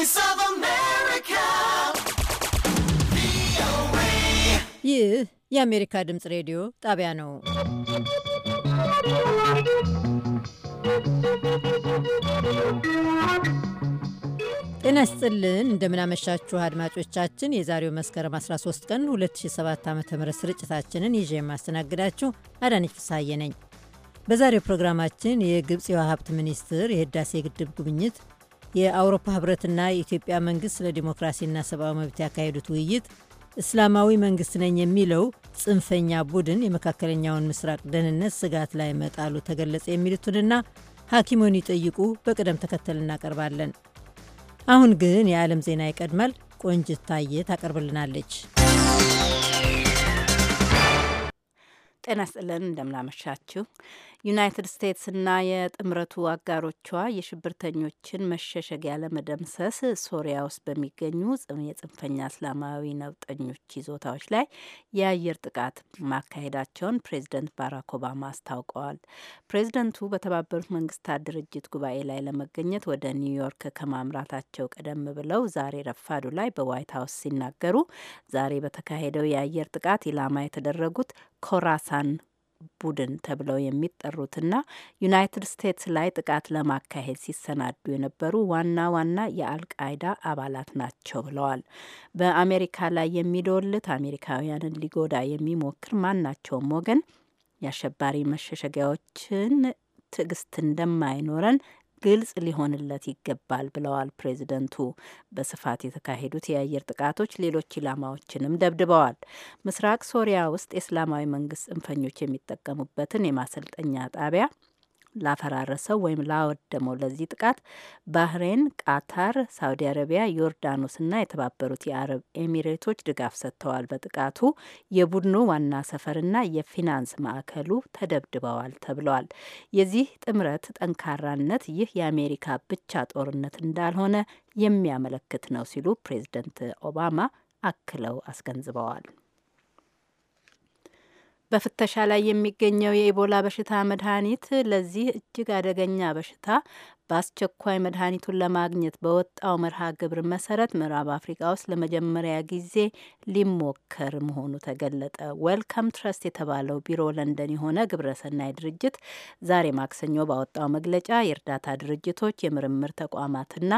Voice of America. ይህ የአሜሪካ ድምፅ ሬዲዮ ጣቢያ ነው። ጤና ይስጥልን፣ እንደምናመሻችሁ አድማጮቻችን። የዛሬው መስከረም 13 ቀን 2007 ዓ ም ስርጭታችንን ይዤ የማስተናግዳችሁ አዳነች ፍስሐዬ ነኝ። በዛሬው ፕሮግራማችን የግብፅ የውሃ ሀብት ሚኒስትር የህዳሴ ግድብ ጉብኝት የአውሮፓ ህብረትና የኢትዮጵያ መንግስት ስለ ዲሞክራሲና ሰብአዊ መብት ያካሄዱት ውይይት እስላማዊ መንግስት ነኝ የሚለው ጽንፈኛ ቡድን የመካከለኛውን ምስራቅ ደህንነት ስጋት ላይ መጣሉ ተገለጸ የሚሉትንና ሐኪሙን ይጠይቁ በቅደም ተከተል እናቀርባለን። አሁን ግን የዓለም ዜና ይቀድማል። ቆንጅት ታየ ታቀርብልናለች። ጤና ስጥልን፣ እንደምናመሻችሁ ዩናይትድ ስቴትስና የጥምረቱ አጋሮቿ የሽብርተኞችን መሸሸጊያ ለመደምሰስ ሶሪያ ውስጥ በሚገኙ የጽንፈኛ እስላማዊ ነውጠኞች ይዞታዎች ላይ የአየር ጥቃት ማካሄዳቸውን ፕሬዚደንት ባራክ ኦባማ አስታውቀዋል። ፕሬዚደንቱ በተባበሩት መንግስታት ድርጅት ጉባኤ ላይ ለመገኘት ወደ ኒውዮርክ ከማምራታቸው ቀደም ብለው ዛሬ ረፋዱ ላይ በዋይት ሀውስ ሲናገሩ ዛሬ በተካሄደው የአየር ጥቃት ኢላማ የተደረጉት ኮራሳን ቡድን ተብለው የሚጠሩትና ዩናይትድ ስቴትስ ላይ ጥቃት ለማካሄድ ሲሰናዱ የነበሩ ዋና ዋና የአልቃይዳ አባላት ናቸው ብለዋል። በአሜሪካ ላይ የሚዶልት አሜሪካውያንን ሊጎዳ የሚሞክር ማናቸውም ወገን የአሸባሪ መሸሸጊያዎችን ትዕግስት እንደማይኖረን ግልጽ ሊሆንለት ይገባል ብለዋል ፕሬዚደንቱ። በስፋት የተካሄዱት የአየር ጥቃቶች ሌሎች ኢላማዎችንም ደብድበዋል። ምስራቅ ሶሪያ ውስጥ የእስላማዊ መንግስት ጽንፈኞች የሚጠቀሙበትን የማሰልጠኛ ጣቢያ ላፈራረሰው ወይም ላወደመው ለዚህ ጥቃት ባህሬን፣ ቃታር፣ ሳውዲ አረቢያ፣ ዮርዳኖስና የተባበሩት የአረብ ኤሚሬቶች ድጋፍ ሰጥተዋል። በጥቃቱ የቡድኑ ዋና ሰፈርና የፊናንስ ማዕከሉ ተደብድበዋል ተብለዋል። የዚህ ጥምረት ጠንካራነት ይህ የአሜሪካ ብቻ ጦርነት እንዳልሆነ የሚያመለክት ነው ሲሉ ፕሬዝደንት ኦባማ አክለው አስገንዝበዋል። በፍተሻ ላይ የሚገኘው የኢቦላ በሽታ መድኃኒት ለዚህ እጅግ አደገኛ በሽታ በአስቸኳይ መድኃኒቱን ለማግኘት በወጣው መርሃ ግብር መሰረት ምዕራብ አፍሪካ ውስጥ ለመጀመሪያ ጊዜ ሊሞከር መሆኑ ተገለጠ። ዌልካም ትረስት የተባለው ቢሮ ለንደን የሆነ ግብረሰናይ ድርጅት ዛሬ ማክሰኞ ባወጣው መግለጫ የእርዳታ ድርጅቶች፣ የምርምር ተቋማትና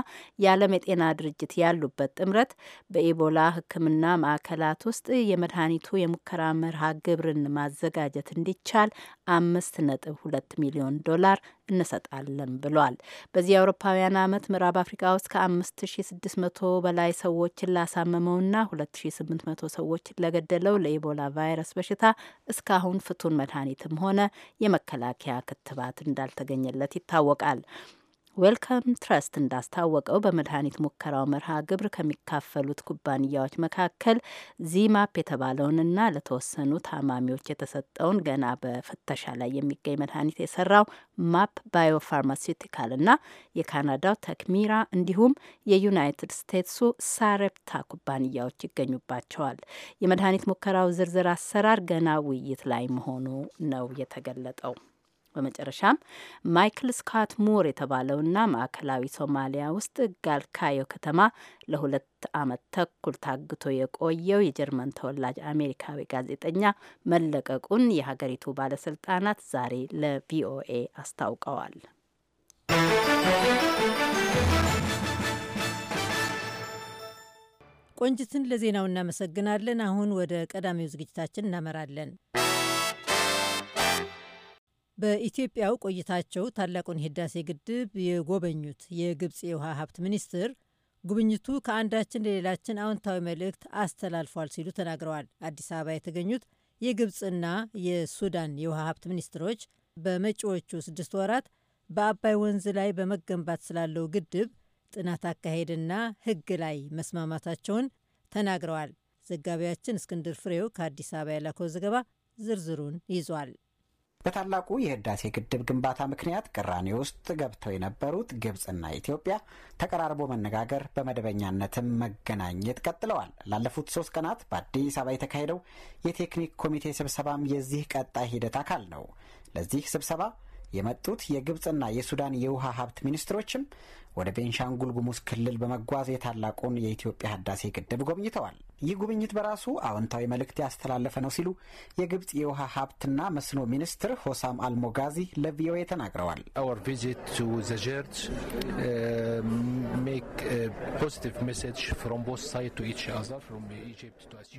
የዓለም የጤና ድርጅት ያሉበት ጥምረት በኢቦላ ሕክምና ማዕከላት ውስጥ የመድኃኒቱ የሙከራ መርሃ ግብርን ማዘጋጀት እንዲቻል አምስት ነጥብ ሁለት ሚሊዮን ዶላር እንሰጣለን ብሏል። በዚህ የአውሮፓውያን አመት ምዕራብ አፍሪካ ውስጥ ከ5600 በላይ ሰዎችን ላሳመመውና 2800 ሰዎች ለገደለው ለኢቦላ ቫይረስ በሽታ እስካሁን ፍቱን መድኃኒትም ሆነ የመከላከያ ክትባት እንዳልተገኘለት ይታወቃል። ዌልካም ትረስት እንዳስታወቀው በመድኃኒት ሙከራው መርሃ ግብር ከሚካፈሉት ኩባንያዎች መካከል ዚማፕ የተባለውንና ለተወሰኑ ታማሚዎች የተሰጠውን ገና በፍተሻ ላይ የሚገኝ መድኃኒት የሰራው ማፕ ባዮፋርማሲውቲካልና የካናዳው ተክሚራ እንዲሁም የዩናይትድ ስቴትሱ ሳረፕታ ኩባንያዎች ይገኙባቸዋል። የመድኃኒት ሙከራው ዝርዝር አሰራር ገና ውይይት ላይ መሆኑ ነው የተገለጠው። በመጨረሻም ማይክል ስካት ሙር የተባለውና ማዕከላዊ ሶማሊያ ውስጥ ጋልካዮ ከተማ ለሁለት ዓመት ተኩል ታግቶ የቆየው የጀርመን ተወላጅ አሜሪካዊ ጋዜጠኛ መለቀቁን የሀገሪቱ ባለስልጣናት ዛሬ ለቪኦኤ አስታውቀዋል። ቆንጅትን ለዜናው እናመሰግናለን። አሁን ወደ ቀዳሚው ዝግጅታችን እናመራለን። በኢትዮጵያው ቆይታቸው ታላቁን ህዳሴ ግድብ የጎበኙት የግብፅ የውሃ ሀብት ሚኒስትር ጉብኝቱ ከአንዳችን ለሌላችን አዎንታዊ መልእክት አስተላልፏል ሲሉ ተናግረዋል። አዲስ አበባ የተገኙት የግብፅና የሱዳን የውሃ ሀብት ሚኒስትሮች በመጪዎቹ ስድስት ወራት በአባይ ወንዝ ላይ በመገንባት ስላለው ግድብ ጥናት አካሄድና ህግ ላይ መስማማታቸውን ተናግረዋል። ዘጋቢያችን እስክንድር ፍሬው ከአዲስ አበባ የላከው ዘገባ ዝርዝሩን ይዟል። በታላቁ የህዳሴ ግድብ ግንባታ ምክንያት ቅራኔ ውስጥ ገብተው የነበሩት ግብፅና ኢትዮጵያ ተቀራርቦ መነጋገር፣ በመደበኛነትም መገናኘት ቀጥለዋል። ላለፉት ሶስት ቀናት በአዲስ አበባ የተካሄደው የቴክኒክ ኮሚቴ ስብሰባም የዚህ ቀጣይ ሂደት አካል ነው። ለዚህ ስብሰባ የመጡት የግብፅና የሱዳን የውሃ ሀብት ሚኒስትሮችም ወደ ቤንሻንጉል ጉሙዝ ክልል በመጓዝ የታላቁን የኢትዮጵያ ህዳሴ ግድብ ጎብኝተዋል። ይህ ጉብኝት በራሱ አዎንታዊ መልእክት ያስተላለፈ ነው ሲሉ የግብፅ የውሃ ሀብትና መስኖ ሚኒስትር ሆሳም አልሞጋዚ ለቪኦኤ ተናግረዋል። um,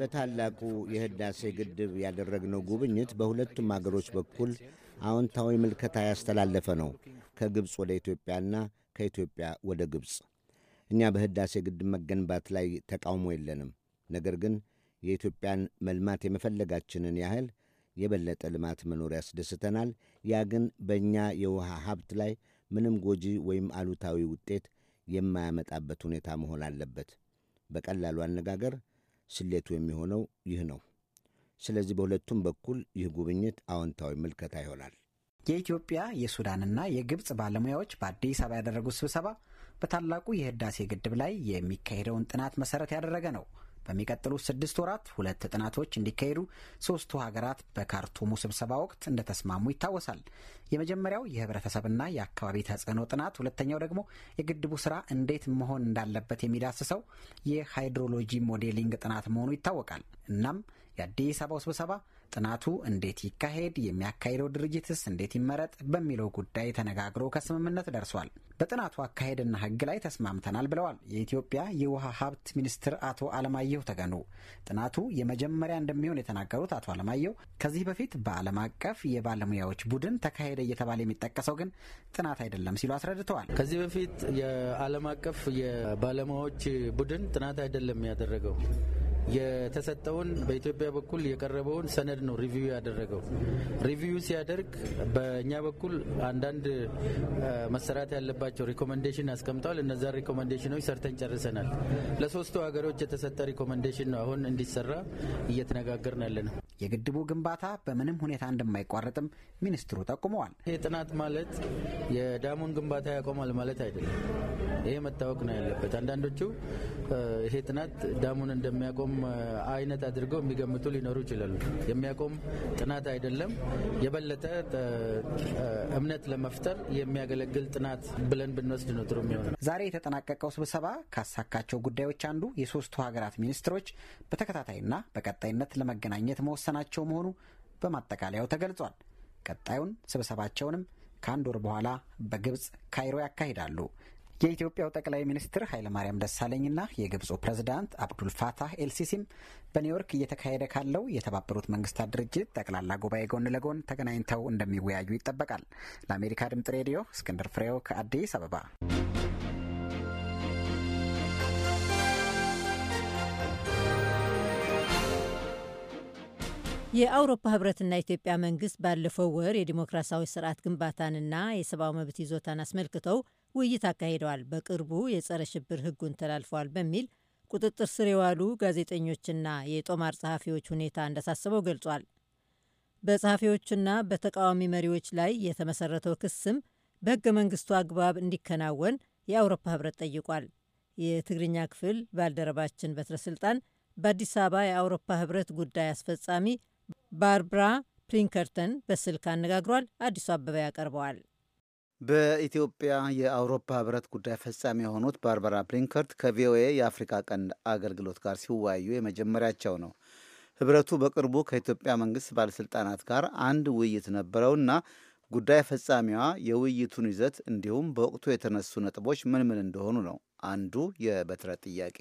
በታላቁ የህዳሴ ግድብ ያደረግነው ጉብኝት በሁለቱም አገሮች በኩል አዎንታዊ ምልከታ ያስተላለፈ ነው ከግብፅ ወደ ኢትዮጵያና ከኢትዮጵያ ወደ ግብፅ። እኛ በህዳሴ ግድብ መገንባት ላይ ተቃውሞ የለንም። ነገር ግን የኢትዮጵያን መልማት የመፈለጋችንን ያህል የበለጠ ልማት መኖር ያስደስተናል። ያ ግን በእኛ የውሃ ሀብት ላይ ምንም ጎጂ ወይም አሉታዊ ውጤት የማያመጣበት ሁኔታ መሆን አለበት። በቀላሉ አነጋገር ስሌቱ የሚሆነው ይህ ነው። ስለዚህ በሁለቱም በኩል ይህ ጉብኝት አዎንታዊ ምልከታ ይሆናል። የኢትዮጵያ የሱዳንና የግብፅ ባለሙያዎች በአዲስ አበባ ያደረጉት ስብሰባ በታላቁ የህዳሴ ግድብ ላይ የሚካሄደውን ጥናት መሰረት ያደረገ ነው። በሚቀጥሉት ስድስት ወራት ሁለት ጥናቶች እንዲካሄዱ ሶስቱ ሀገራት በካርቱሙ ስብሰባ ወቅት እንደተስማሙ ይታወሳል። የመጀመሪያው የህብረተሰብና የአካባቢ ተጽዕኖ ጥናት፣ ሁለተኛው ደግሞ የግድቡ ስራ እንዴት መሆን እንዳለበት የሚዳስሰው የሃይድሮሎጂ ሞዴሊንግ ጥናት መሆኑ ይታወቃል። እናም የአዲስ አበባው ስብሰባ ጥናቱ እንዴት ይካሄድ፣ የሚያካሄደው ድርጅትስ እንዴት ይመረጥ በሚለው ጉዳይ ተነጋግሮ ከስምምነት ደርሷል። በጥናቱ አካሄድና ሕግ ላይ ተስማምተናል ብለዋል የኢትዮጵያ የውሃ ሀብት ሚኒስትር አቶ አለማየሁ ተገኑ። ጥናቱ የመጀመሪያ እንደሚሆን የተናገሩት አቶ አለማየሁ ከዚህ በፊት በዓለም አቀፍ የባለሙያዎች ቡድን ተካሄደ እየተባለ የሚጠቀሰው ግን ጥናት አይደለም ሲሉ አስረድተዋል። ከዚህ በፊት የዓለም አቀፍ የባለሙያዎች ቡድን ጥናት አይደለም ያደረገው የተሰጠውን በኢትዮጵያ በኩል የቀረበውን ሰነድ ነው ሪቪው ያደረገው። ሪቪው ሲያደርግ በእኛ በኩል አንዳንድ መሰራት ያለባቸው ሪኮመንዴሽን አስቀምጠዋል። እነዛ ሪኮመንዴሽኖች ሰርተን ጨርሰናል። ለሶስቱ ሀገሮች የተሰጠ ሪኮመንዴሽን ነው አሁን እንዲሰራ እየተነጋገርን ያለ ነው። የግድቡ ግንባታ በምንም ሁኔታ እንደማይቋረጥም ሚኒስትሩ ጠቁመዋል። ይህ ጥናት ማለት የዳሙን ግንባታ ያቆማል ማለት አይደለም። ይሄ መታወቅ ነው ያለበት። አንዳንዶቹ ይሄ ጥናት ዳሙን እንደሚያቆም አይነት አድርገው የሚገምቱ ሊኖሩ ይችላሉ። የሚያቆም ጥናት አይደለም። የበለጠ እምነት ለመፍጠር የሚያገለግል ጥናት ብለን ብንወስድ ነው ጥሩ የሚሆነው። ዛሬ የተጠናቀቀው ስብሰባ ካሳካቸው ጉዳዮች አንዱ የሶስቱ ሀገራት ሚኒስትሮች በተከታታይና በቀጣይነት ለመገናኘት መወሰ የተወሰናቸው መሆኑ በማጠቃለያው ተገልጿል። ቀጣዩን ስብሰባቸውንም ከአንድ ወር በኋላ በግብፅ ካይሮ ያካሂዳሉ። የኢትዮጵያው ጠቅላይ ሚኒስትር ኃይለማርያም ደሳለኝና የግብፁ ፕሬዝዳንት አብዱልፋታህ ኤልሲሲም በኒውዮርክ እየተካሄደ ካለው የተባበሩት መንግስታት ድርጅት ጠቅላላ ጉባኤ ጎን ለጎን ተገናኝተው እንደሚወያዩ ይጠበቃል። ለአሜሪካ ድምጽ ሬዲዮ እስክንድር ፍሬው ከአዲስ አበባ የአውሮፓ ህብረትና ኢትዮጵያ መንግስት ባለፈው ወር የዲሞክራሲያዊ ስርዓት ግንባታንና የሰብአዊ መብት ይዞታን አስመልክተው ውይይት አካሂደዋል። በቅርቡ የጸረ ሽብር ህጉን ተላልፈዋል በሚል ቁጥጥር ስር የዋሉ ጋዜጠኞችና የጦማር ጸሐፊዎች ሁኔታ እንዳሳስበው ገልጿል። በጸሐፊዎችና በተቃዋሚ መሪዎች ላይ የተመሰረተው ክስም በህገ መንግስቱ አግባብ እንዲከናወን የአውሮፓ ህብረት ጠይቋል። የትግርኛ ክፍል ባልደረባችን በትረስልጣን በአዲስ አበባ የአውሮፓ ህብረት ጉዳይ አስፈጻሚ ባርብራ ፕሪንከርተን በስልክ አነጋግሯል። አዲሱ አበባ ያቀርበዋል። በኢትዮጵያ የአውሮፓ ህብረት ጉዳይ ፈጻሚ የሆኑት ባርባራ ፕሊንከርት ከቪኦኤ የአፍሪካ ቀንድ አገልግሎት ጋር ሲወያዩ የመጀመሪያቸው ነው። ህብረቱ በቅርቡ ከኢትዮጵያ መንግስት ባለሥልጣናት ጋር አንድ ውይይት ነበረውና ጉዳይ ፈጻሚዋ የውይይቱን ይዘት እንዲሁም በወቅቱ የተነሱ ነጥቦች ምን ምን እንደሆኑ ነው። አንዱ የበትረ ጥያቄ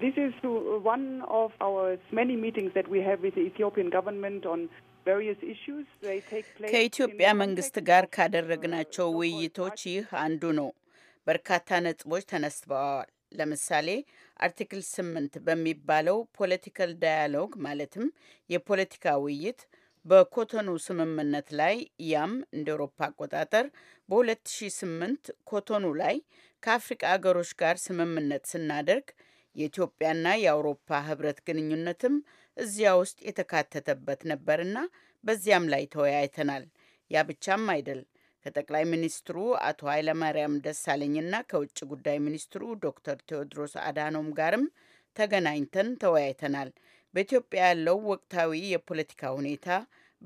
This is one of our many meetings that we have with the Ethiopian government on ከኢትዮጵያ መንግስት ጋር ካደረግናቸው ውይይቶች ይህ አንዱ ነው። በርካታ ነጥቦች ተነስበዋል። ለምሳሌ አርቲክል ስምንት በሚባለው ፖለቲካል ዳያሎግ ማለትም የፖለቲካ ውይይት በኮቶኑ ስምምነት ላይ ያም እንደ ኤሮፓ አቆጣጠር በ2008 ኮቶኑ ላይ ከአፍሪቃ አገሮች ጋር ስምምነት ስናደርግ የኢትዮጵያና የአውሮፓ ህብረት ግንኙነትም እዚያ ውስጥ የተካተተበት ነበርና በዚያም ላይ ተወያይተናል። ያ ብቻም አይደል። ከጠቅላይ ሚኒስትሩ አቶ ኃይለማርያም ደሳለኝና ከውጭ ጉዳይ ሚኒስትሩ ዶክተር ቴዎድሮስ አዳኖም ጋርም ተገናኝተን ተወያይተናል። በኢትዮጵያ ያለው ወቅታዊ የፖለቲካ ሁኔታ፣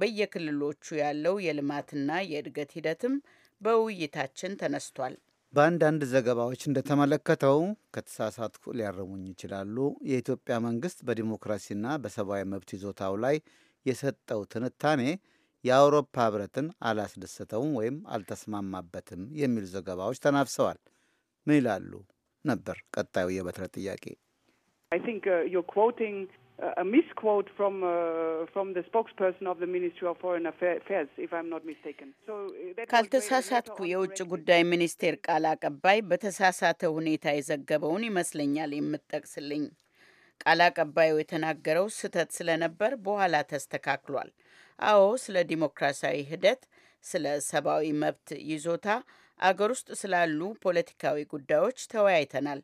በየክልሎቹ ያለው የልማትና የእድገት ሂደትም በውይይታችን ተነስቷል። በአንዳንድ ዘገባዎች እንደተመለከተው ከተሳሳትኩ ሊያረሙኝ ይችላሉ። የኢትዮጵያ መንግስት በዲሞክራሲና በሰብአዊ መብት ይዞታው ላይ የሰጠው ትንታኔ የአውሮፓ ህብረትን አላስደሰተውም ወይም አልተስማማበትም የሚሉ ዘገባዎች ተናፍሰዋል። ምን ይላሉ ነበር ቀጣዩ የበትረ ጥያቄ። I think uh, you're quoting uh, a misquote from uh, from the spokesperson of the Ministry of Foreign Affairs, if I'm not mistaken. Uh, ካልተሳሳትኩ የውጭ ጉዳይ ሚኒስቴር ቃል አቀባይ በተሳሳተ ሁኔታ የዘገበውን ይመስለኛል የምትጠቅስልኝ። ቃል አቀባዩ የተናገረው ስህተት ስለነበር በኋላ ተስተካክሏል። አዎ፣ ስለ ዲሞክራሲያዊ ሂደት፣ ስለ ሰብአዊ መብት ይዞታ፣ አገር ውስጥ ስላሉ ፖለቲካዊ ጉዳዮች ተወያይተናል።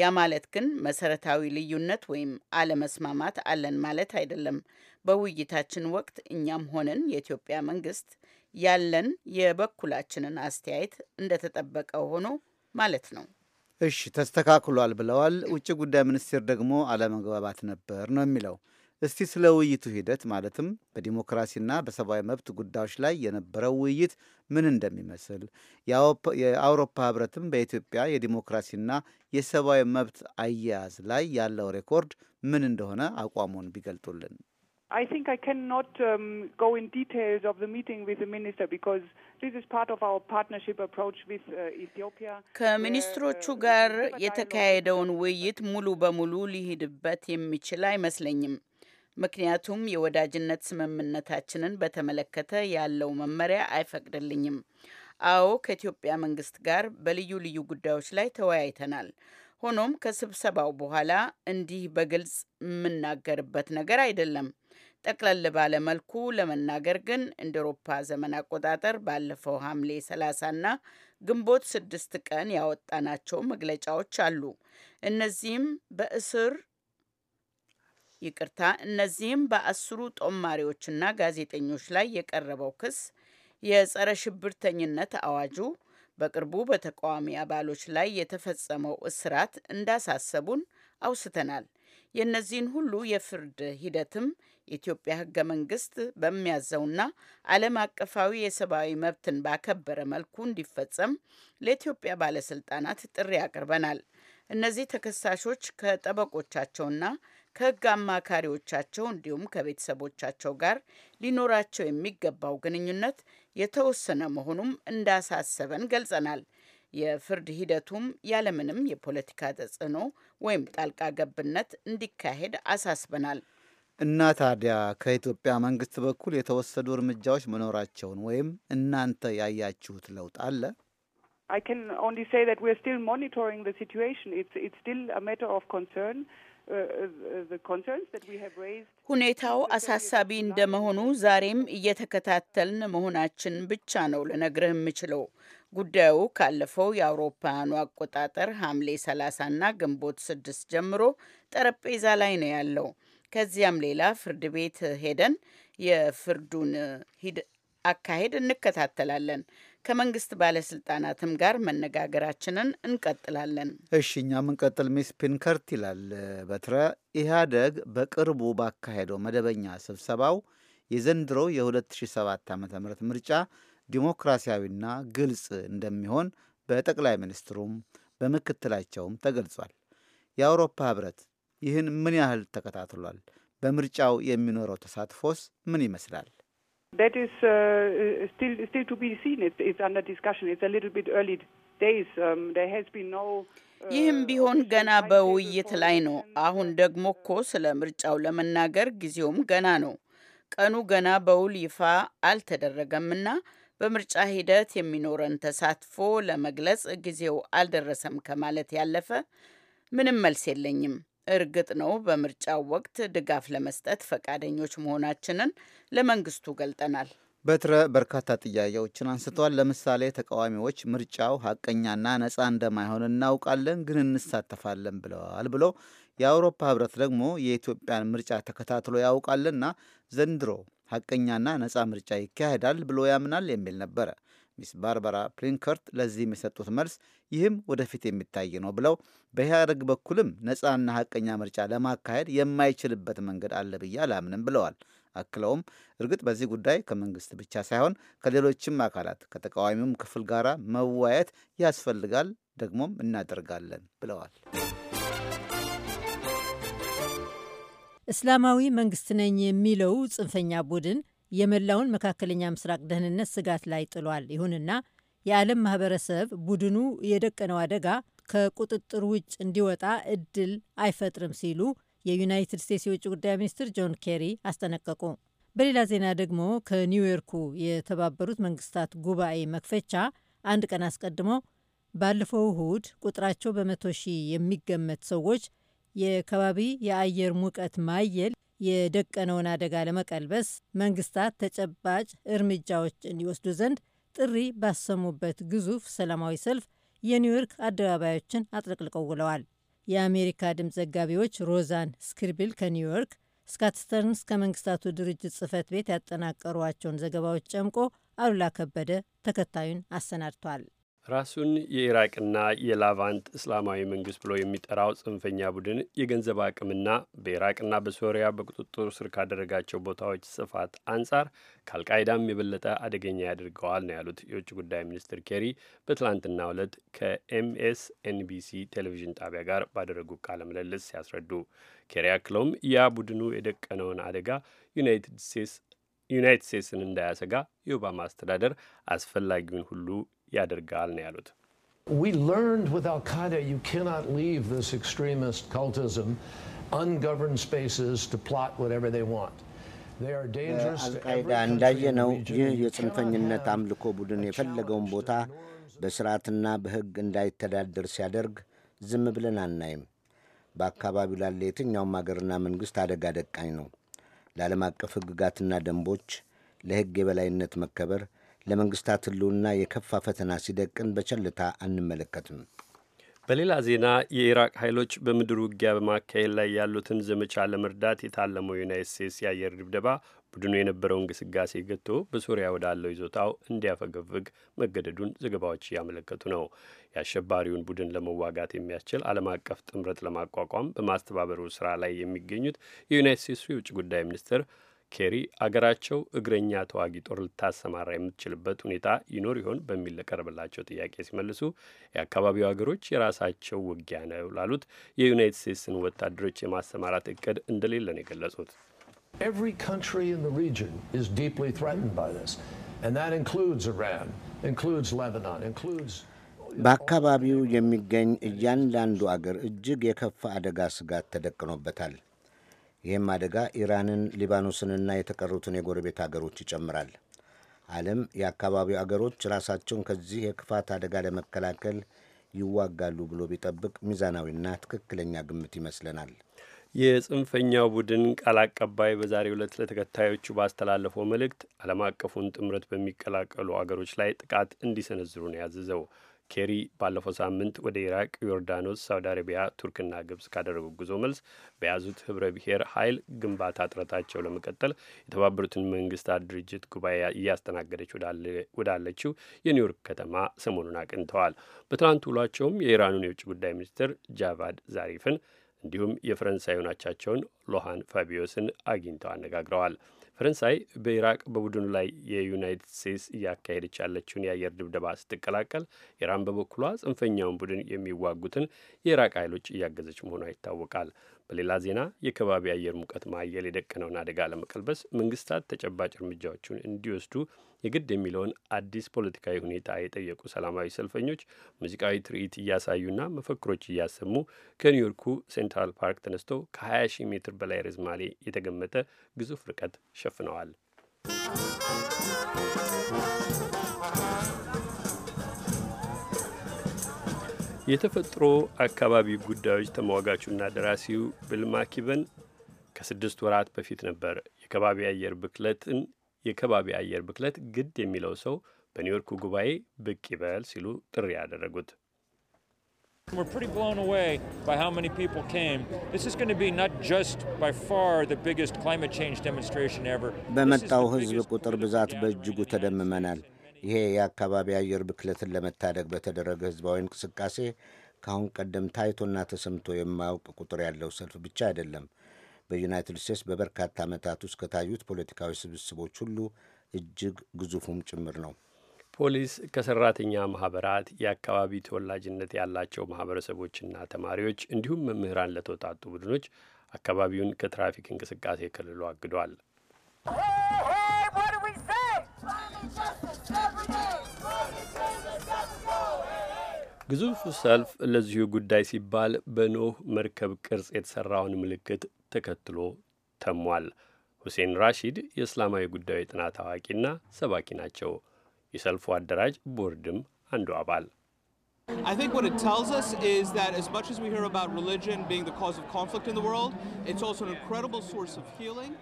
ያ ማለት ግን መሰረታዊ ልዩነት ወይም አለመስማማት አለን ማለት አይደለም። በውይይታችን ወቅት እኛም ሆንን የኢትዮጵያ መንግስት ያለን የበኩላችንን አስተያየት እንደተጠበቀ ሆኖ ማለት ነው። እሺ ተስተካክሏል ብለዋል። ውጭ ጉዳይ ሚኒስቴር ደግሞ አለመግባባት ነበር ነው የሚለው። እስቲ ስለ ውይይቱ ሂደት ማለትም በዲሞክራሲና በሰብአዊ መብት ጉዳዮች ላይ የነበረው ውይይት ምን እንደሚመስል የአውሮፓ ህብረትም በኢትዮጵያ የዲሞክራሲና የሰብአዊ መብት አያያዝ ላይ ያለው ሬኮርድ ምን እንደሆነ አቋሙን ቢገልጡልን። I think I cannot um, go in details of the meeting with the minister because this is part of our partnership approach with uh, Ethiopia. ከሚኒስትሮቹ uh, ጋር የተካሄደውን ውይይት ሙሉ በሙሉ ሊሄድበት የሚችል አይመስለኝም። ምክንያቱም የወዳጅነት ስምምነታችንን በተመለከተ ያለው መመሪያ አይፈቅድልኝም። አዎ ከኢትዮጵያ መንግስት ጋር በልዩ ልዩ ጉዳዮች ላይ ተወያይተናል። ሆኖም ከስብሰባው በኋላ እንዲህ በግልጽ የምናገርበት ነገር አይደለም። ጠቅለል ባለ መልኩ ለመናገር ግን እንደ አውሮፓ ዘመን አቆጣጠር ባለፈው ሐምሌ 30ና ግንቦት ስድስት ቀን ያወጣናቸው መግለጫዎች አሉ። እነዚህም በእስር ይቅርታ እነዚህም በአስሩ ጦማሪዎችና ጋዜጠኞች ላይ የቀረበው ክስ የጸረ ሽብርተኝነት አዋጁ በቅርቡ በተቃዋሚ አባሎች ላይ የተፈጸመው እስራት እንዳሳሰቡን አውስተናል። የእነዚህን ሁሉ የፍርድ ሂደትም የኢትዮጵያ ሕገ መንግስት በሚያዘውና ዓለም አቀፋዊ የሰብአዊ መብትን ባከበረ መልኩ እንዲፈጸም ለኢትዮጵያ ባለስልጣናት ጥሪ አቅርበናል። እነዚህ ተከሳሾች ከጠበቆቻቸውና ከህግ አማካሪዎቻቸው እንዲሁም ከቤተሰቦቻቸው ጋር ሊኖራቸው የሚገባው ግንኙነት የተወሰነ መሆኑም እንዳሳሰበን ገልጸናል። የፍርድ ሂደቱም ያለምንም የፖለቲካ ተጽዕኖ ወይም ጣልቃ ገብነት እንዲካሄድ አሳስበናል። እና ታዲያ ከኢትዮጵያ መንግስት በኩል የተወሰዱ እርምጃዎች መኖራቸውን ወይም እናንተ ያያችሁት ለውጥ አለ? I can only say that we are still monitoring the situation. It's, it's still a matter of concern. ሁኔታው አሳሳቢ እንደመሆኑ ዛሬም እየተከታተልን መሆናችን ብቻ ነው ልነግርህ የምችለው። ጉዳዩ ካለፈው የአውሮፓውያኑ አቆጣጠር ሐምሌ 30ና ግንቦት ስድስት ጀምሮ ጠረጴዛ ላይ ነው ያለው። ከዚያም ሌላ ፍርድ ቤት ሄደን የፍርዱን አካሄድ እንከታተላለን። ከመንግስት ባለስልጣናትም ጋር መነጋገራችንን እንቀጥላለን። እሺ እኛም እንቀጥል። ሚስ ፒንከርት ይላል በትረ ኢህአደግ በቅርቡ ባካሄደው መደበኛ ስብሰባው የዘንድሮው የ2007 ዓ ም ምርጫ ዲሞክራሲያዊና ግልጽ እንደሚሆን በጠቅላይ ሚኒስትሩም በምክትላቸውም ተገልጿል። የአውሮፓ ህብረት ይህን ምን ያህል ተከታትሏል? በምርጫው የሚኖረው ተሳትፎስ ምን ይመስላል? That is uh, uh, still still to be seen. It's, it's under discussion. It's a little bit early days. Um, there has been no. Uh, ይህም ቢሆን ገና በውይይት ላይ ነው። አሁን ደግሞ እኮ uh, ስለ ምርጫው ለመናገር ጊዜውም ገና ነው። ቀኑ ገና በውል ይፋ አልተደረገምና በምርጫ ሂደት የሚኖረን ተሳትፎ ለመግለጽ ጊዜው አልደረሰም ከማለት ያለፈ ምንም መልስ የለኝም። እርግጥ ነው በምርጫው ወቅት ድጋፍ ለመስጠት ፈቃደኞች መሆናችንን ለመንግስቱ ገልጠናል። በትረ በርካታ ጥያቄዎችን አንስተዋል። ለምሳሌ ተቃዋሚዎች ምርጫው ሀቀኛና ነጻ እንደማይሆን እናውቃለን፣ ግን እንሳተፋለን ብለዋል ብሎ የአውሮፓ ህብረት ደግሞ የኢትዮጵያን ምርጫ ተከታትሎ ያውቃልና ዘንድሮ ሀቀኛና ነጻ ምርጫ ይካሄዳል ብሎ ያምናል የሚል ነበረ። ሚስ ባርባራ ፕሪንከርት ለዚህ የሚሰጡት መልስ ይህም ወደፊት የሚታይ ነው ብለው በኢህአደግ በኩልም ነፃና ሀቀኛ ምርጫ ለማካሄድ የማይችልበት መንገድ አለ ብዬ አላምንም ብለዋል። አክለውም እርግጥ በዚህ ጉዳይ ከመንግስት ብቻ ሳይሆን ከሌሎችም አካላት ከተቃዋሚውም ክፍል ጋር መወያየት ያስፈልጋል፣ ደግሞም እናደርጋለን ብለዋል። እስላማዊ መንግስት ነኝ የሚለው ጽንፈኛ ቡድን የመላውን መካከለኛ ምስራቅ ደህንነት ስጋት ላይ ጥሏል። ይሁንና የዓለም ማህበረሰብ ቡድኑ የደቀነው አደጋ ከቁጥጥር ውጭ እንዲወጣ እድል አይፈጥርም ሲሉ የዩናይትድ ስቴትስ የውጭ ጉዳይ ሚኒስትር ጆን ኬሪ አስጠነቀቁ። በሌላ ዜና ደግሞ ከኒውዮርኩ የተባበሩት መንግስታት ጉባኤ መክፈቻ አንድ ቀን አስቀድሞ ባለፈው እሁድ ቁጥራቸው በመቶ ሺህ የሚገመት ሰዎች የከባቢ የአየር ሙቀት ማየል የደቀነውን አደጋ ለመቀልበስ መንግስታት ተጨባጭ እርምጃዎችን ይወስዱ ዘንድ ጥሪ ባሰሙበት ግዙፍ ሰላማዊ ሰልፍ የኒውዮርክ አደባባዮችን አጥለቅልቀው ውለዋል። የአሜሪካ ድምፅ ዘጋቢዎች ሮዛን ስክሪቢል ከኒውዮርክ፣ ስካት ስተርንስ ከመንግስታቱ ድርጅት ጽህፈት ቤት ያጠናቀሯቸውን ዘገባዎች ጨምቆ አሉላ ከበደ ተከታዩን አሰናድቷል። ራሱን የኢራቅና የላቫንት እስላማዊ መንግስት ብሎ የሚጠራው ጽንፈኛ ቡድን የገንዘብ አቅምና በኢራቅና በሶሪያ በቁጥጥር ስር ካደረጋቸው ቦታዎች ስፋት አንጻር ከአልቃይዳም የበለጠ አደገኛ ያደርገዋል ነው ያሉት የውጭ ጉዳይ ሚኒስትር ኬሪ በትላንትና ዕለት ከኤምኤስ ኤንቢሲ ቴሌቪዥን ጣቢያ ጋር ባደረጉ ቃለ ምልልስ ሲያስረዱ፣ ኬሪ አክለውም ያ ቡድኑ የደቀነውን አደጋ ዩናይትድ ስቴትስ ዩናይትድ ስቴትስን እንዳያሰጋ የኦባማ አስተዳደር አስፈላጊውን ሁሉ ያደርጋል ነው ያሉት። We learned with Al Qaeda you cannot leave this extremist cultism ungoverned spaces to plot whatever they want. በአልቃይዳ እንዳየነው ይህ የጽንፈኝነት አምልኮ ቡድን የፈለገውን ቦታ በሥርዓትና በሕግ እንዳይተዳደር ሲያደርግ ዝም ብለን አናይም። በአካባቢው ላለ የትኛውም አገርና መንግሥት አደጋ ደቃኝ ነው። ለዓለም አቀፍ ሕግጋትና ደንቦች፣ ለሕግ የበላይነት መከበር ለመንግስታት ህልውና የከፋ ፈተና ሲደቅን በቸልታ አንመለከትም። በሌላ ዜና የኢራቅ ኃይሎች በምድር ውጊያ በማካሄድ ላይ ያሉትን ዘመቻ ለመርዳት የታለመው ዩናይት ስቴትስ የአየር ድብደባ ቡድኑ የነበረውን ግስጋሴ ገጥቶ በሶሪያ ወዳለው ይዞታው እንዲያፈገፍግ መገደዱን ዘገባዎች እያመለከቱ ነው። የአሸባሪውን ቡድን ለመዋጋት የሚያስችል ዓለም አቀፍ ጥምረት ለማቋቋም በማስተባበሩ ስራ ላይ የሚገኙት የዩናይት ስቴትሱ የውጭ ጉዳይ ሚኒስትር ኬሪ አገራቸው እግረኛ ተዋጊ ጦር ልታሰማራ የምትችልበት ሁኔታ ይኖር ይሆን በሚል ለቀረበላቸው ጥያቄ ሲመልሱ የአካባቢው ሀገሮች የራሳቸው ውጊያ ነው ላሉት የዩናይትድ ስቴትስን ወታደሮች የማሰማራት እቅድ እንደሌለ ነው የገለጹት። በአካባቢው የሚገኝ እያንዳንዱ አገር እጅግ የከፋ አደጋ ስጋት ተደቅኖበታል። ይህም አደጋ ኢራንን፣ ሊባኖስንና የተቀሩትን የጎረቤት አገሮች ይጨምራል። ዓለም የአካባቢው አገሮች ራሳቸውን ከዚህ የክፋት አደጋ ለመከላከል ይዋጋሉ ብሎ ቢጠብቅ ሚዛናዊና ትክክለኛ ግምት ይመስለናል። የጽንፈኛው ቡድን ቃል አቀባይ በዛሬው ዕለት ለተከታዮቹ ባስተላለፈው መልእክት ዓለም አቀፉን ጥምረት በሚቀላቀሉ አገሮች ላይ ጥቃት እንዲሰነዝሩ ነው ያዘዘው። ኬሪ ባለፈው ሳምንት ወደ ኢራቅ፣ ዮርዳኖስ፣ ሳውዲ አረቢያ፣ ቱርክና ግብጽ ካደረጉት ጉዞ መልስ በያዙት ህብረ ብሔር ኃይል ግንባታ ጥረታቸው ለመቀጠል የተባበሩትን መንግስታት ድርጅት ጉባኤ እያስተናገደች ወዳለችው የኒውዮርክ ከተማ ሰሞኑን አቅንተዋል። በትናንት ውሏቸውም የኢራኑን የውጭ ጉዳይ ሚኒስትር ጃቫድ ዛሪፍን እንዲሁም የፈረንሳዩን ናቻቸውን ሎሃን ፋቢዮስን አግኝተው አነጋግረዋል። ፈረንሳይ በኢራቅ በቡድኑ ላይ የዩናይትድ ስቴትስ እያካሄደች ያለችውን የአየር ድብደባ ስትቀላቀል፣ ኢራን በበኩሏ ጽንፈኛውን ቡድን የሚዋጉትን የኢራቅ ኃይሎች እያገዘች መሆኗ ይታወቃል። በሌላ ዜና የከባቢ አየር ሙቀት ማየል የደቀነውን አደጋ ለመቀልበስ መንግስታት ተጨባጭ እርምጃዎቹን እንዲወስዱ የግድ የሚለውን አዲስ ፖለቲካዊ ሁኔታ የጠየቁ ሰላማዊ ሰልፈኞች ሙዚቃዊ ትርኢት እያሳዩና መፈክሮች እያሰሙ ከኒውዮርኩ ሴንትራል ፓርክ ተነስተው ከ20 ሺህ ሜትር በላይ ርዝማሌ የተገመተ ግዙፍ ርቀት ሸፍነዋል። የተፈጥሮ አካባቢ ጉዳዮች ተሟጋቹና ደራሲው ቢል ማኪቨን ከስድስት ወራት በፊት ነበር የከባቢ አየር ብክለትን የከባቢ አየር ብክለት ግድ የሚለው ሰው በኒውዮርኩ ጉባኤ ብቅ ይበል ሲሉ ጥሪ ያደረጉት። በመጣው ሕዝብ ቁጥር ብዛት በእጅጉ ተደምመናል። ይሄ የአካባቢ አየር ብክለትን ለመታደግ በተደረገ ህዝባዊ እንቅስቃሴ ከአሁን ቀደም ታይቶና ተሰምቶ የማያውቅ ቁጥር ያለው ሰልፍ ብቻ አይደለም። በዩናይትድ ስቴትስ በበርካታ ዓመታት ውስጥ ከታዩት ፖለቲካዊ ስብስቦች ሁሉ እጅግ ግዙፉም ጭምር ነው። ፖሊስ ከሰራተኛ ማህበራት፣ የአካባቢ ተወላጅነት ያላቸው ማህበረሰቦችና ተማሪዎች እንዲሁም መምህራን ለተውጣጡ ቡድኖች አካባቢውን ከትራፊክ እንቅስቃሴ ክልሉ አግዷል። ግዙፉ ሰልፍ ለዚሁ ጉዳይ ሲባል በኖህ መርከብ ቅርጽ የተሠራውን ምልክት ተከትሎ ተሟል። ሁሴን ራሺድ የእስላማዊ ጉዳዮች ጥናት አዋቂና ሰባኪ ናቸው። የሰልፉ አደራጅ ቦርድም አንዱ አባል I think what it tells us is that as much as we hear about religion being the cause of conflict in the world, it's also an incredible source of healing.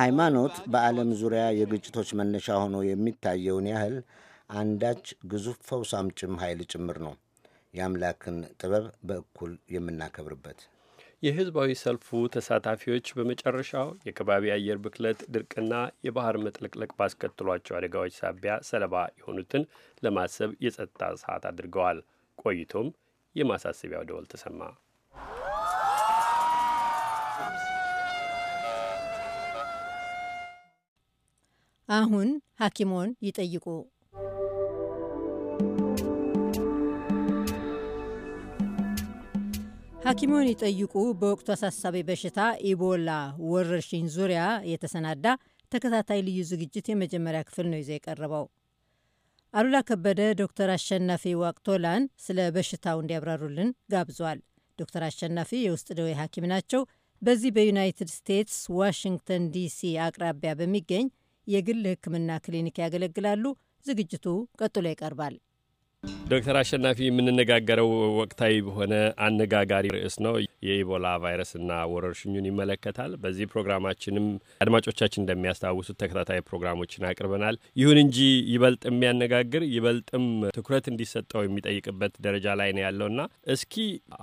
ሃይማኖት በዓለም ዙሪያ የግጭቶች መነሻ ሆኖ የሚታየውን ያህል አንዳች ግዙፍ ፈውስ አምጪም ኃይል ጭምር ነው። የአምላክን ጥበብ በእኩል የምናከብርበት የህዝባዊ ሰልፉ ተሳታፊዎች በመጨረሻው የከባቢ አየር ብክለት፣ ድርቅና የባህር መጥለቅለቅ ባስከትሏቸው አደጋዎች ሳቢያ ሰለባ የሆኑትን ለማሰብ የጸጥታ ሰዓት አድርገዋል። ቆይቶም የማሳሰቢያው ደወል ተሰማ። አሁን ሐኪሞን ይጠይቁ ሐኪሙን ይጠይቁ በወቅቱ አሳሳቢ በሽታ ኢቦላ ወረርሽኝ ዙሪያ የተሰናዳ ተከታታይ ልዩ ዝግጅት የመጀመሪያ ክፍል ነው ይዞ የቀረበው። አሉላ ከበደ ዶክተር አሸናፊ ዋቅቶላን ስለ በሽታው እንዲያብራሩልን ጋብዟል። ዶክተር አሸናፊ የውስጥ ደዌ ሐኪም ናቸው። በዚህ በዩናይትድ ስቴትስ ዋሽንግተን ዲሲ አቅራቢያ በሚገኝ የግል ሕክምና ክሊኒክ ያገለግላሉ። ዝግጅቱ ቀጥሎ ይቀርባል። ዶክተር አሸናፊ የምንነጋገረው ወቅታዊ በሆነ አነጋጋሪ ርዕስ ነው። የኢቦላ ቫይረስና ወረርሽኙን ይመለከታል። በዚህ ፕሮግራማችንም አድማጮቻችን እንደሚያስታውሱት ተከታታይ ፕሮግራሞችን አቅርበናል። ይሁን እንጂ ይበልጥ የሚያነጋግር ይበልጥም ትኩረት እንዲሰጠው የሚጠይቅበት ደረጃ ላይ ነው ያለውና እስኪ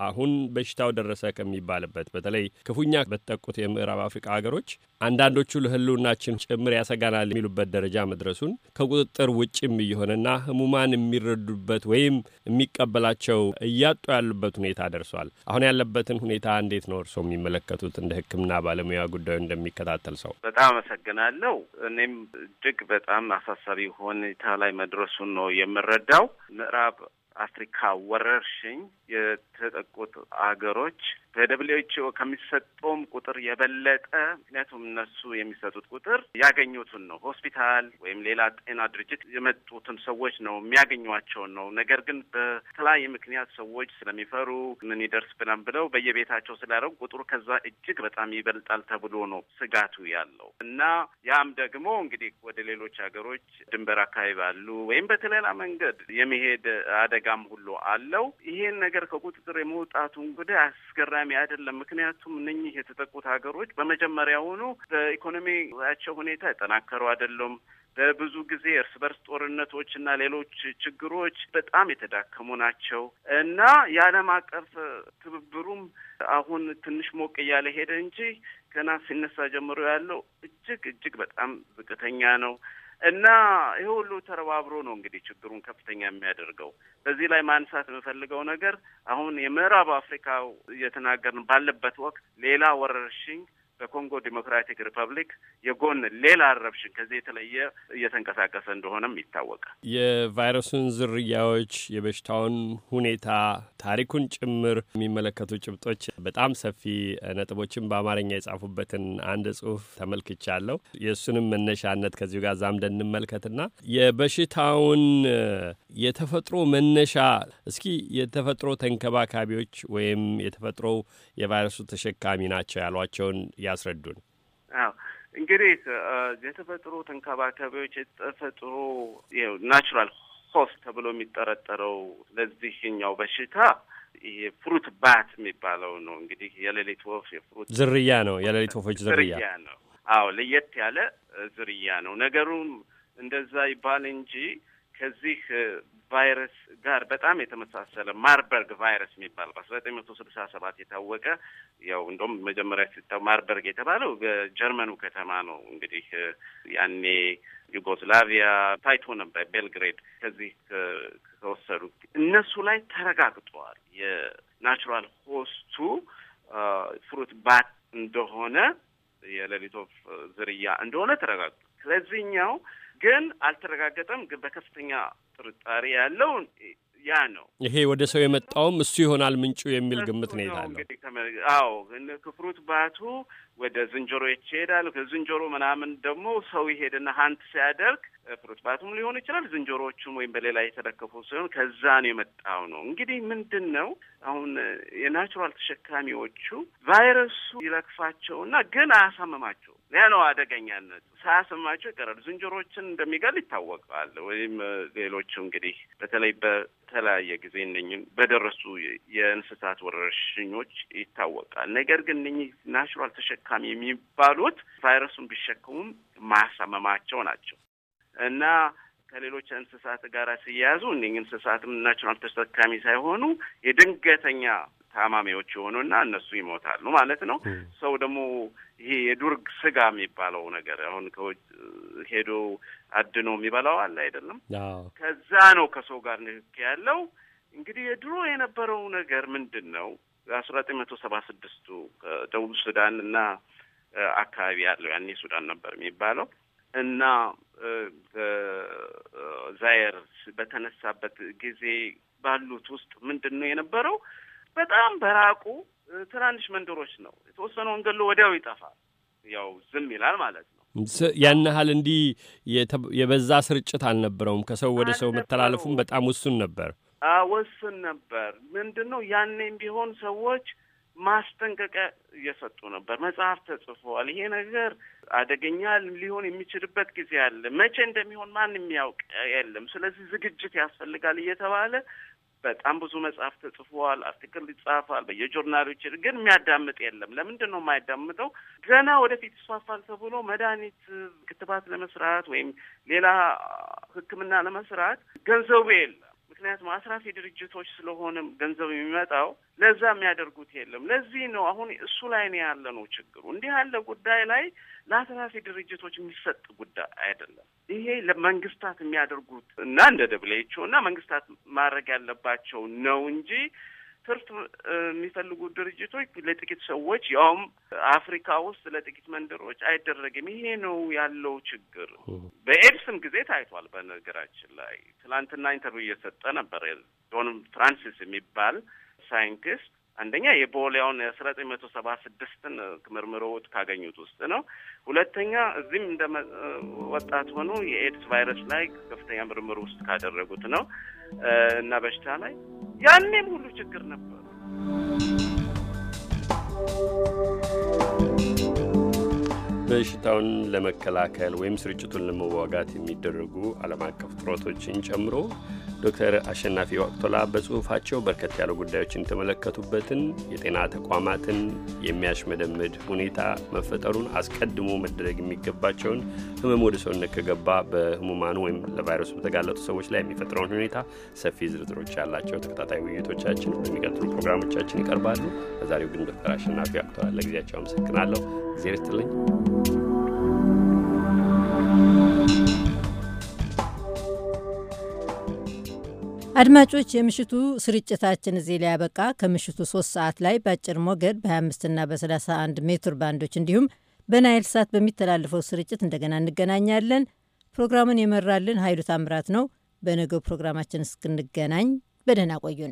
አሁን በሽታው ደረሰ ከሚባልበት በተለይ ክፉኛ በተጠቁት የምዕራብ አፍሪካ ሀገሮች አንዳንዶቹ ለሕልውናችን ጭምር ያሰጋናል የሚሉበት ደረጃ መድረሱን ከቁጥጥር ውጭም እየሆነና ህሙማን የሚረዱበት ወይ ወይም የሚቀበላቸው እያጡ ያሉበት ሁኔታ ደርሷል። አሁን ያለበትን ሁኔታ እንዴት ነው እርስዎ የሚመለከቱት? እንደ ሕክምና ባለሙያ ጉዳዩ እንደሚከታተል ሰው በጣም አመሰግናለሁ። እኔም እጅግ በጣም አሳሳቢ ሁኔታ ላይ መድረሱን ነው የምረዳው። ምዕራብ አፍሪካ ወረርሽኝ የተጠቁት አገሮች በደብሊውኤችኦ ከሚሰጠውም ቁጥር የበለጠ ምክንያቱም እነሱ የሚሰጡት ቁጥር ያገኙትን ነው። ሆስፒታል ወይም ሌላ ጤና ድርጅት የመጡትን ሰዎች ነው የሚያገኟቸውን ነው። ነገር ግን በተለያየ ምክንያት ሰዎች ስለሚፈሩ ምን ይደርስብናል ብለው በየቤታቸው ስላደረጉ ቁጥሩ ከዛ እጅግ በጣም ይበልጣል ተብሎ ነው ስጋቱ ያለው እና ያም ደግሞ እንግዲህ ወደ ሌሎች ሀገሮች ድንበር አካባቢ ባሉ ወይም በተለላ መንገድ የመሄድ አደጋ አደጋም ሁሉ አለው። ይሄን ነገር ከቁጥጥር የመውጣቱ እንግዲህ አስገራሚ አይደለም። ምክንያቱም እነኚህ የተጠቁት ሀገሮች በመጀመሪያውኑ በኢኮኖሚያቸው ሁኔታ የጠናከሩ አይደሉም። በብዙ ጊዜ እርስ በርስ ጦርነቶች እና ሌሎች ችግሮች በጣም የተዳከሙ ናቸው እና የዓለም አቀፍ ትብብሩም አሁን ትንሽ ሞቅ እያለ ሄደ እንጂ ገና ሲነሳ ጀምሮ ያለው እጅግ እጅግ በጣም ዝቅተኛ ነው። እና ይህ ሁሉ ተረባብሮ ነው እንግዲህ ችግሩን ከፍተኛ የሚያደርገው። በዚህ ላይ ማንሳት የምፈልገው ነገር አሁን የምዕራብ አፍሪካ እየተናገርን ባለበት ወቅት ሌላ ወረርሽኝ በኮንጎ ዲሞክራቲክ ሪፐብሊክ የጎን ሌላ ረብሽን ከዚህ የተለየ እየተንቀሳቀሰ እንደሆነም ይታወቃል። የቫይረሱን ዝርያዎች፣ የበሽታውን ሁኔታ፣ ታሪኩን ጭምር የሚመለከቱ ጭብጦች በጣም ሰፊ ነጥቦችን በአማርኛ የጻፉበትን አንድ ጽሁፍ ተመልክቻለሁ። የእሱንም መነሻነት ከዚሁ ጋር ዛምደን እንመልከትና የበሽታውን የተፈጥሮ መነሻ እስኪ የተፈጥሮ ተንከባካቢዎች ወይም የተፈጥሮ የቫይረሱ ተሸካሚ ናቸው ያሏቸውን ያስረዱን። አዎ እንግዲህ የተፈጥሮ ተንከባካቢዎች የተፈጥሮ ናቹራል ሆስት ተብሎ የሚጠረጠረው ለዚህኛው በሽታ የፍሩት ባት የሚባለው ነው። እንግዲህ የሌሊት ወፍ የፍሩት ዝርያ ነው። የሌሊት ወፎች ዝርያ ነው። አዎ ለየት ያለ ዝርያ ነው። ነገሩም እንደዛ ይባል እንጂ ከዚህ ቫይረስ ጋር በጣም የተመሳሰለ ማርበርግ ቫይረስ የሚባል በአስራ ዘጠኝ መቶ ስልሳ ሰባት የታወቀ ያው እንደም መጀመሪያ ሲታው ማርበርግ የተባለው በጀርመኑ ከተማ ነው። እንግዲህ ያኔ ዩጎስላቪያ ታይቶ ነበር፣ ቤልግሬድ ከዚህ ከወሰዱ እነሱ ላይ ተረጋግጠዋል። የናቹራል ሆስቱ ፍሩት ባት እንደሆነ የሌሊት ወፍ ዝርያ እንደሆነ ተረጋግጧል። ስለዚህኛው ግን አልተረጋገጠም፣ ግን በከፍተኛ ጥርጣሬ ያለው ያ ነው። ይሄ ወደ ሰው የመጣውም እሱ ይሆናል ምንጩ የሚል ግምት ነው ይዛለሁ። አዎ ክፍሩት ባቱ ወደ ዝንጀሮ ይሄዳል። ከዝንጀሮ ምናምን ደግሞ ሰው ይሄድና ሀንት ሲያደርግ ፕሮትባቱም ሊሆን ይችላል ዝንጀሮዎቹም ወይም በሌላ የተለከፉ ሲሆን ከዛ ነው የመጣው ነው። እንግዲህ ምንድን ነው አሁን የናቹራል ተሸካሚዎቹ ቫይረሱ ይለክፋቸውና ግን አያሳምማቸው። ያ ነው አደገኛነት። ሳያስማቸው ይቀራል። ዝንጀሮችን እንደሚገል ይታወቃል። ወይም ሌሎቹ እንግዲህ በተለይ በተለያየ ጊዜ እነኝም በደረሱ የእንስሳት ወረርሽኞች ይታወቃል። ነገር ግን እነኚህ ናቹራል ተሸካሚ የሚባሉት ቫይረሱን ቢሸከሙም ማያሳመማቸው ናቸው። እና ከሌሎች እንስሳት ጋር ሲያያዙ እኒህ እንስሳትም ናቹራል ተሸካሚ ሳይሆኑ የድንገተኛ ታማሚዎች የሆኑና እነሱ ይሞታሉ ማለት ነው። ሰው ደግሞ ይሄ የዱር ስጋ የሚባለው ነገር አሁን ሄዶ አድኖ የሚበላው አለ አይደለም። ከዛ ነው ከሰው ጋር ንክክ ያለው። እንግዲህ የድሮ የነበረው ነገር ምንድን ነው? አስራ ዘጠኝ መቶ ሰባ ስድስቱ ደቡብ ሱዳን እና አካባቢ ያለው ያኔ ሱዳን ነበር የሚባለው እና ዛየር በተነሳበት ጊዜ ባሉት ውስጥ ምንድን ነው የነበረው? በጣም በራቁ ትናንሽ መንደሮች ነው የተወሰነ ወንገሎ ወዲያው ይጠፋል። ያው ዝም ይላል ማለት ነው። ያን ያህል እንዲህ የበዛ ስርጭት አልነበረውም። ከሰው ወደ ሰው መተላለፉም በጣም ውሱን ነበር፣ ውስን ነበር። ምንድን ነው ያኔም ቢሆን ሰዎች ማስጠንቀቂያ እየሰጡ ነበር። መጽሐፍ ተጽፏል፣ ይሄ ነገር አደገኛ ሊሆን የሚችልበት ጊዜ አለ። መቼ እንደሚሆን ማን የሚያውቅ የለም። ስለዚህ ዝግጅት ያስፈልጋል እየተባለ በጣም ብዙ መጽሐፍ ተጽፏል፣ አርቲክል ይጻፋል በየጆርናሎች ግን የሚያዳምጥ የለም። ለምንድን ነው የማያዳምጠው? ገና ወደፊት ይስፋፋል ተብሎ መድኃኒት፣ ክትባት ለመስራት ወይም ሌላ ሕክምና ለመስራት ገንዘቡ የለም። ምክንያቱም አስራፊ ድርጅቶች ስለሆነም ገንዘብ የሚመጣው ለዛ የሚያደርጉት የለም። ለዚህ ነው አሁን እሱ ላይ ነው ያለ ነው ችግሩ። እንዲህ ያለ ጉዳይ ላይ ለአስራፊ ድርጅቶች የሚሰጥ ጉዳይ አይደለም። ይሄ ለመንግስታት የሚያደርጉት እና እንደ ደብሌቾ እና መንግስታት ማድረግ ያለባቸው ነው እንጂ ትርፍ የሚፈልጉ ድርጅቶች ለጥቂት ሰዎች ያውም አፍሪካ ውስጥ ለጥቂት መንደሮች አይደረግም። ይሄ ነው ያለው ችግር። በኤድስም ጊዜ ታይቷል። በነገራችን ላይ ትላንትና ኢንተርቪው እየሰጠ ነበር ጆን ፍራንሲስ የሚባል ሳይንቲስት አንደኛ የቦሊያውን የአስራ ዘጠኝ መቶ ሰባ ስድስትን ምርምሮዎች ካገኙት ውስጥ ነው። ሁለተኛ እዚህም እንደ ወጣት ሆኖ የኤድስ ቫይረስ ላይ ከፍተኛ ምርምር ውስጥ ካደረጉት ነው እና በሽታ ላይ ያኔም ሁሉ ችግር ነበር። በሽታውን ለመከላከል ወይም ስርጭቱን ለመዋጋት የሚደረጉ ዓለም አቀፍ ጥረቶችን ጨምሮ ዶክተር አሸናፊ ዋቅቶላ በጽሁፋቸው በርከት ያሉ ጉዳዮችን የተመለከቱበትን የጤና ተቋማትን የሚያሽመደምድ ሁኔታ መፈጠሩን አስቀድሞ መደረግ የሚገባቸውን ህመም ወደ ሰውነት ከገባ በህሙማኑ ወይም ለቫይረሱ በተጋለጡ ሰዎች ላይ የሚፈጥረውን ሁኔታ ሰፊ ዝርዝሮች ያላቸው ተከታታይ ውይይቶቻችን በሚቀጥሉ ፕሮግራሞቻችን ይቀርባሉ። በዛሬው ግን ዶክተር አሸናፊ ዋቅቶላ ለጊዜያቸው አመሰግናለሁ። እግዜር ይስጥልኝ። አድማጮች የምሽቱ ስርጭታችን እዚህ ላይ ያበቃ። ከምሽቱ ሶስት ሰዓት ላይ በአጭር ሞገድ በ25ና በ31 ሜትር ባንዶች እንዲሁም በናይል ሳት በሚተላለፈው ስርጭት እንደገና እንገናኛለን። ፕሮግራሙን የመራልን ኃይሉ ታምራት ነው። በነገው ፕሮግራማችን እስክንገናኝ በደህና ቆዩን።